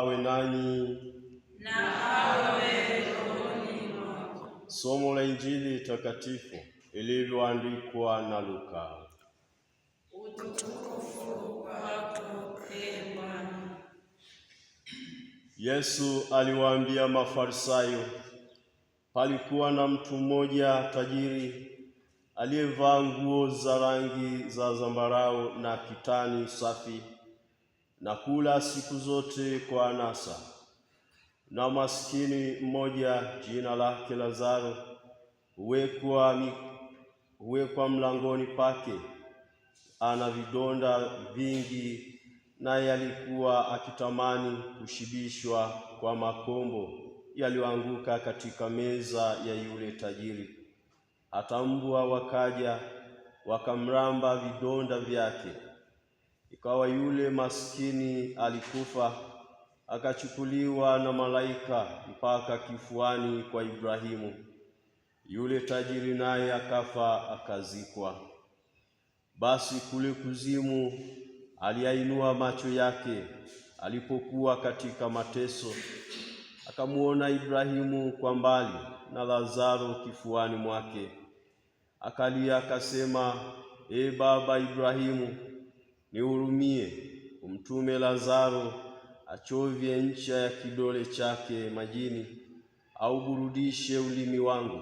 awe nanyi na awe rohoni mwako. Somo la Injili takatifu ilivyoandikwa na Luka. Utukufu kwako ee Bwana. Yesu aliwaambia Mafarisayo, palikuwa na mtu mmoja tajiri aliyevaa nguo za rangi za zambarau na kitani safi na kula siku zote kwa anasa. Na maskini mmoja jina lake Lazaro huwekwa huwekwa mlangoni pake, ana vidonda vingi, naye alikuwa akitamani kushibishwa kwa makombo yaliyoanguka katika meza ya yule tajiri. Hata mbwa wakaja wakamramba vidonda vyake. Ikawa yule maskini alikufa akachukuliwa na malaika mpaka kifuani kwa Ibrahimu. Yule tajiri naye akafa akazikwa. Basi kule kuzimu aliyainua macho yake alipokuwa katika mateso, akamwona Ibrahimu kwa mbali na Lazaro kifuani mwake. Akalia akasema, E baba Ibrahimu, nihurumie, umtume Lazaro achovye ncha ya kidole chake majini, auburudishe ulimi wangu,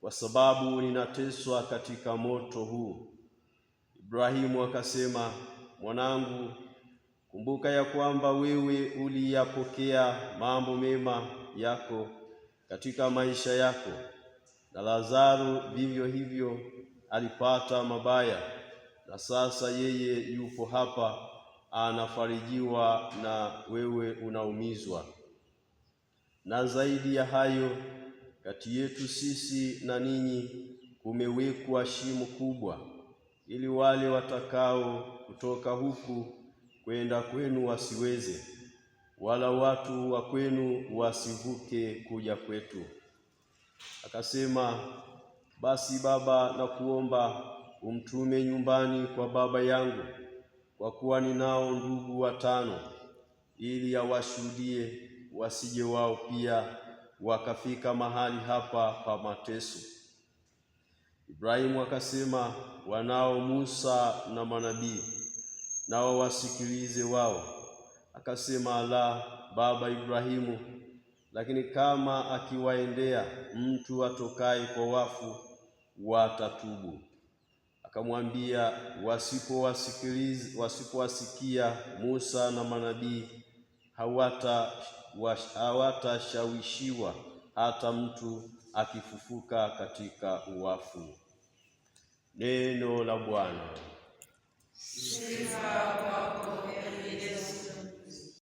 kwa sababu ninateswa katika moto huu. Ibrahimu akasema, mwanangu, kumbuka ya kwamba wewe uliyapokea mambo mema yako katika maisha yako, na Lazaro vivyo hivyo alipata mabaya na sasa yeye yupo hapa anafarijiwa na wewe unaumizwa. Na zaidi ya hayo, kati yetu sisi na ninyi kumewekwa shimo kubwa, ili wale watakao kutoka huku kwenda kwenu wasiweze, wala watu wa kwenu wasivuke kuja kwetu. Akasema, basi Baba, nakuomba umtume nyumbani kwa baba yangu, kwa kuwa ninao ndugu watano, ili awashuhudie, wasije wao pia wakafika mahali hapa pa mateso. Ibrahimu akasema, wanao Musa na manabii, nao wasikilize wao. Akasema Allah, baba Ibrahimu, lakini kama akiwaendea mtu atokaye kwa wafu watatubu akamwambia, wasipowasikia Musa na manabii hawatashawishiwa hata mtu akifufuka katika uwafu. Neno la Bwana. Sifa